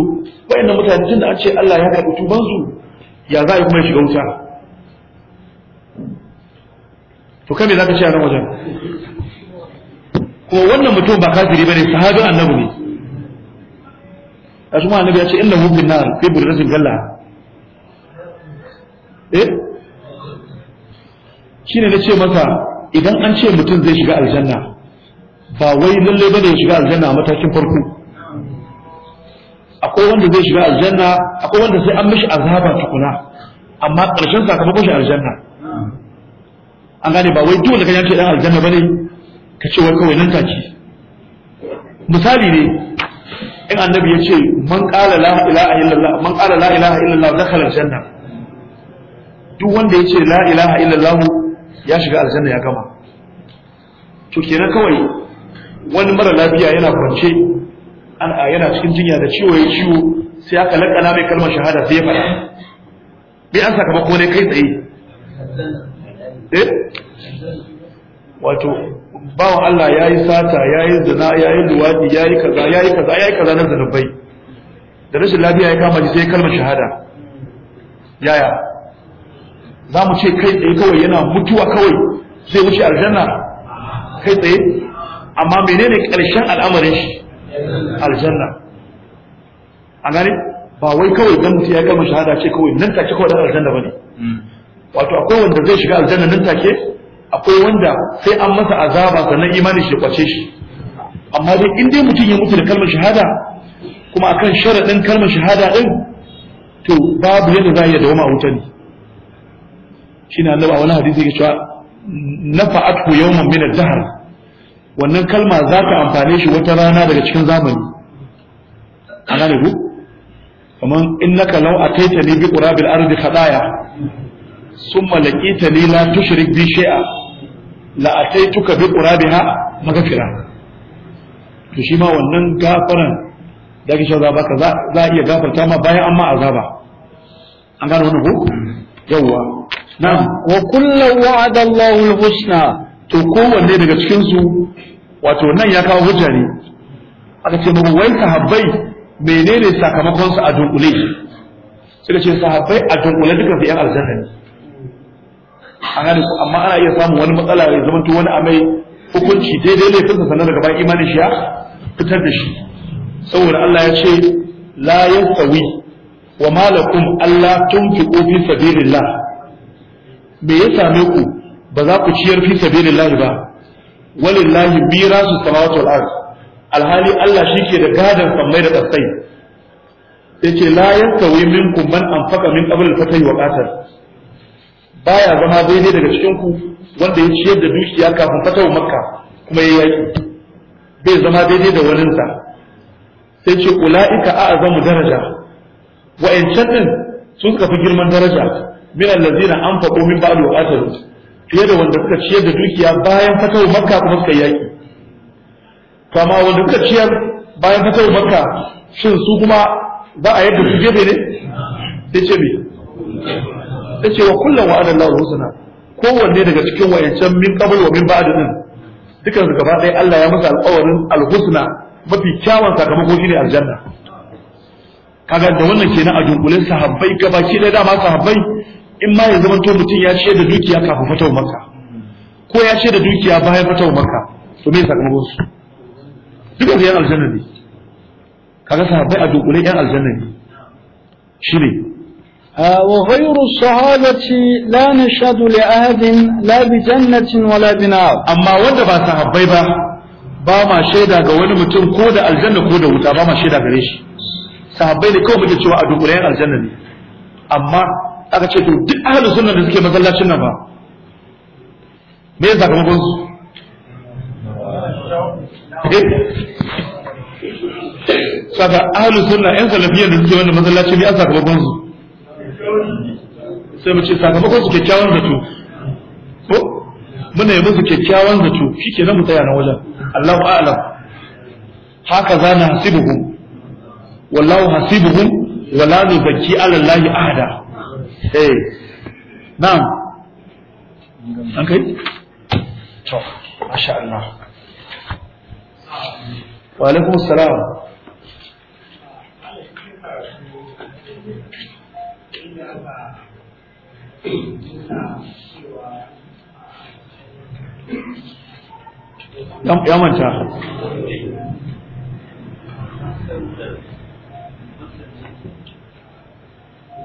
wayannan mutane tunda an ce Allah ya karɓi tubansu ya za a yi kuma ya shiga wuta to kame za ka ce a nan wajen kuma wannan mutum ba kafiri bane sahabin annabi ne kashi annabi ya ce inda hubbin na fi burratin galla eh Shi ne na ce masa idan an ce mutum zai shiga aljanna ba wai ba bane ya shiga aljanna a matakin farko akwai wanda zai shiga aljanna akwai wanda sai an mishi azaba tukuna amma karshen sakamakon shi aljanna an gane ba wai duk wanda kaje ce dan aljanna bane ka ce wai kawai nan take misali ne in annabi ya ce man qala la ilaha illallah man qala la ilaha illallah dakhala aljanna duk wanda ya ce la ilaha illallah ya shiga aljanna ya gama to kenan kawai wani mara lafiya yana kwance an a yana cikin jinya da ciwo ya ciwo sai aka lakana mai kalmar shahada sai ya fara bai an sakamako ne kai tsaye eh? wato bawan Allah ya yi sata ya yi zina ya yi luwadi, ya yi kaza ya yi kaza ya yi kaza na zanubai da rashin lafiya ya kama ji sai kalmar shahada yaya za mu ce kai tsaye kawai yana mutuwa kawai zai wuce aljanna kai tsaye amma menene ƙarshen al'amarin shi aljanna a gani ba wai kawai dan mutum ya gama shahada ce kawai nan take kawai dan aljanna bane hmm. wato akwai wanda zai shiga aljanna nan take akwai wanda sai an masa azaba sannan imanin shi kwace shi amma dai in dai mutum ya mutu da kalmar shahada kuma akan sharaɗin kalmar shahada din to babu yadda za a iya dawoma a wuta ne shine annabi a wani hadisi yake cewa nafa'athu yawman min ad wannan kalma za ta amfane shi wata rana daga cikin zamani a gane ku kamar innaka law ataita ni bi qurabil ardi khadaya summa laqita ni la tushrik bi shay'a la ataituka bi qurabiha magfira to shi ma wannan gafaran da kake cewa baka za a iya gafarta ma bayan amma azaba an gane wannan ku yawwa na'am wa kullu wa'ada Allahu al-husna to kowanne daga cikin su wato nan ya kawo hujja ne aka ce mu wai sahabbai menene sakamakon su a dunkule sai da ce sahabbai a dunkule duka fi yan aljanna ne an gane ku amma ana iya samun wani matsala ya zama to wani amai hukunci daidai laifinsa sanar daga bayan imanin shi ya fitar da shi saboda Allah ya ce la yasawi wa malakum allah tunfiqu fi sabilillah me ya same ku ba za ku ciyar fi sabilillahi ba walillahi mirasu samawati wal ard alhali Allah shike da gadan samai da kasai yace la yastawi minkum man anfaqa min qabl al-fatah wa qatal baya zama daidai daga cikin ku wanda ya ciyar da dukiya kafin fatawa makka kuma ya yi. bai zama daidai da waninsa sai ce ula'ika a'zamu daraja wa'ancan din sun suka fi girman daraja min allazina anfaqu min ba'd wa qatalu fiye da wanda suka ciyar da dukiya bayan fatawa makka kuma suka yaki kama wanda suka ciyar bayan fatawa makka shin su kuma za a yadda su gefe ne sai ce me sai ce wa kullum wa wa husna kowanne daga cikin wayancan min qabl wa min ba'd din dukan su gaba ɗaya Allah ya masa alƙawarin alhusna mafi kyawun sakamako shine aljanna kaga da wannan kenan a dunkulen sahabbai gabaki da dama sahabbai in ma ya zama to mutum ya ce da dukiya kafin wa maka ko ya ce da dukiya bayan wa maka to me sakamakon su duka da yan aljanna ne kaga sahabbai a dukkanin yan aljanna ne shine وغير الصحابة لا نشهد لأحد لا بجنة ولا بنار Amma wanda ba صحابي ba, ba ma shaida ga wani mutum ko da aljanna ko da wuta ba ma shaida gare shi sahabbai ne kawai muke cewa a 'yan aljanna ne amma aka ce to duk ahlus sunna da suke masallacin nan ba me ya sakamakon su *laughs* saka ahlus sunna yan salafiyya da suke wannan masallaci ne an sakamakon su sai mu ce sakamakon su kyakkyawan zato ko muna yi musu kyakkyawan zato nan mu tsaya na wajen Allahu a'lam haka za na hasibuhum wallahu hasibuhum wala baki ala Allah ahada eh na'am an kai to masha Allah wa alaikum salam ya manta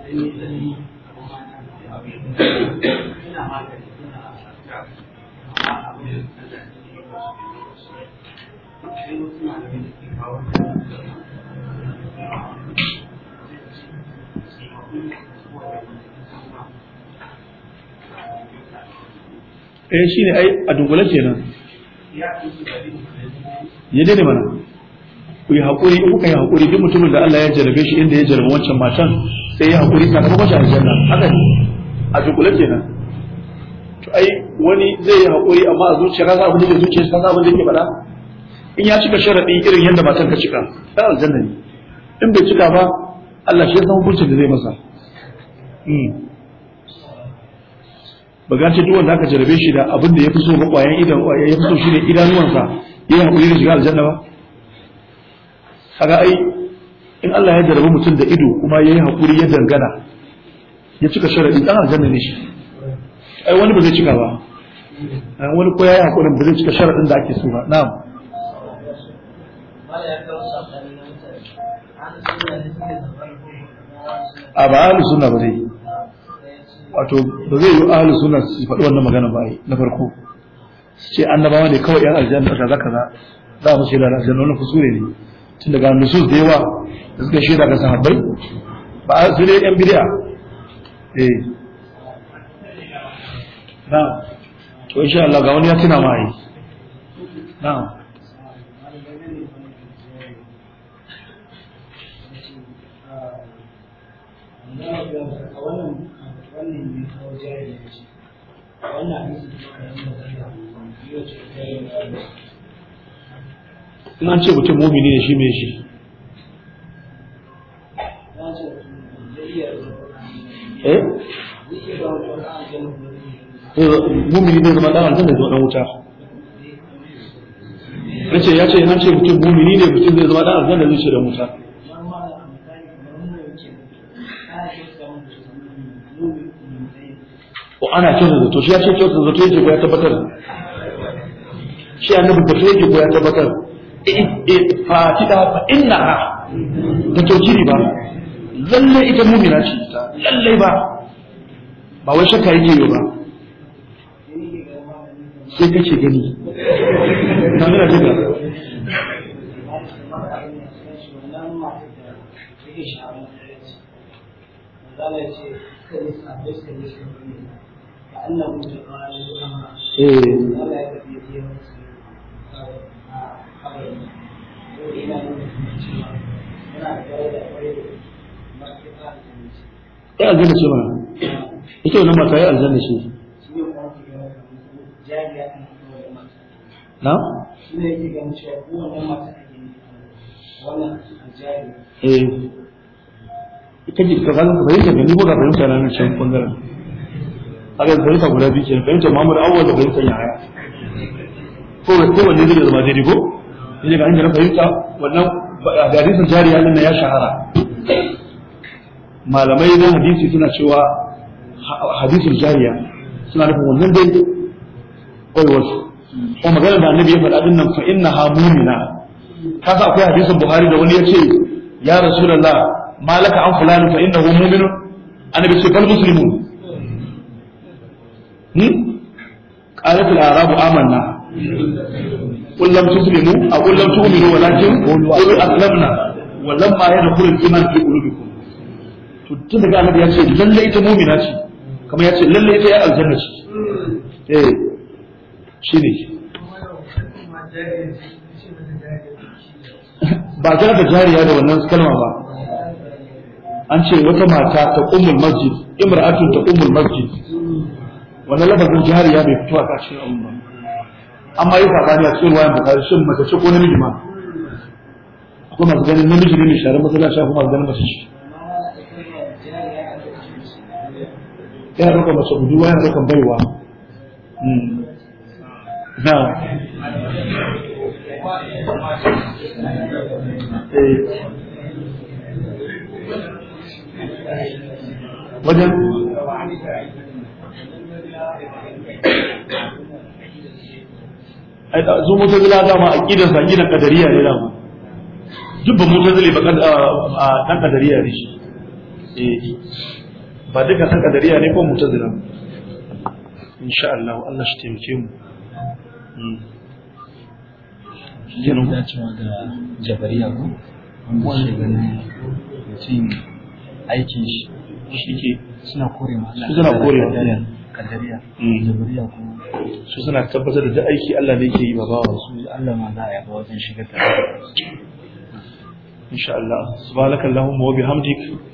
Thank you. eh shi ne ai a dungula ce nan ya daidai mana ku yi haƙuri in kuka yi haƙuri duk mutumin da Allah ya jarabe shi inda ya jarabe wancan matan sai ya haƙuri sakamakon shi aljanna haka ne a dukule kenan to ai wani zai yi haƙuri amma a zuciya kasa abin da ke zuciya kasa abin da ke faɗa in ya cika sharaɗi irin yadda matan ka cika ta aljanna ne in bai cika ba Allah shi ya san hukuncin da zai masa hmm. ba gace duk wanda aka jarabe shi da abin da ya fi so ba ƙwayan idan ya fi so shi ne idanuwansa ya yi haƙuri da shiga aljanna ba kaga ai in Allah ya jarabi mutum da ido kuma ya yi haƙuri ya dangana ya cika sharadi ɗan aljanna ne shi ai wani ba zai cika ba wani ko yayi hakurin ba zai cika sharadin da ake so ba na'am a ba ahli sunna ba zai wato ba zai yi ahli sunna su faɗi wannan magana ba na farko su ce annabawa ne kawai yan aljanna kaza kaza za mu shi da aljanna wannan kusure ne tun daga nusus da yawa da suka shaida ga sahabbai ba su ne yan bid'a eh na'am to insha Allah ga wani ya tuna ma yi na'am Ina ce mutum mumini ne shi mai shi. Eh? eh mumini ne zama dan aljanna zama dan wuta nace ya ce an ce mutum mumini ne mutum zai zama dan aljanna zai ce da wuta ko ana kyautar zato shi ya ce kyautar zato yake ko ya tabbatar shi annabi da ta yake ko ya tabbatar eh, eh, fa tida fa innaha da tauhidi ba lalle ita mumina ce ta lalle ba ba wai shakka yake yi ba sai gani na ya aljanna ce mana ita wannan mata ya aljanna ce na eh ita ji ka zan fahimta ga ni ko ga fahimta na can bangaren haka fahimta guda biyu kenan fahimta mamur awwal da fahimta yaya ko ko wanne zai zama daidai ko yaje ga an fahimta wannan ba a hadisin jariya din ya shahara malamai na hadisi suna cewa hadisul jariya suna nufin wannan dai kawai wasu ko magana da annabi ya faɗa din nan fa inna ha mu'mina ka sa akwai hadisin buhari da wani ya ce ya rasulullah malaka an fa'in fa innahu mu'minun annabi ce bal muslimun hmm qalat al arabu amanna qul lam tuslimu aw qul lam tu'minu walakin qul aslamna wa lamma yadkhulu al iman fi qulubikum to tun daga annabi ya ce lalle ita mu'mina ce kamar ya ce lalle ita ya aljanna ce eh shine ba kira da jariya da wannan kalma ba an ce wata mata ta ummul masjid imra'atun ta ummul masjid wannan lafazin jariya bai fito a kashin umma amma yi ne a cikin ruwayan bukari shin mace ce ko namiji ma akwai masu ganin namiji ne mai share masallaci akwai masu ganin masu shi. yana ɗaukar mace buduwa yana ɗaukar baiwa hmm. na eh. wajen a zo motar zila dama a aqidan sa aqidan kadariya ne dama duk ba mutazili a ah, ah, dan kadariya ne shi eh. ba dukkan san kadariya ne ko mutazila insha Allah Allah shi taimake mu yana hmm. dacewa da jabariya ko wanda shi mutum aikin shi shi ke suna kore ma Allah suna kore kadariya hmm. jabariya ko su suna tabbatar da duk aiki Allah ne ke yi ba bawa su Allah ma za a yaba wajen shigar da insha Allah subhanakallahumma wa bihamdika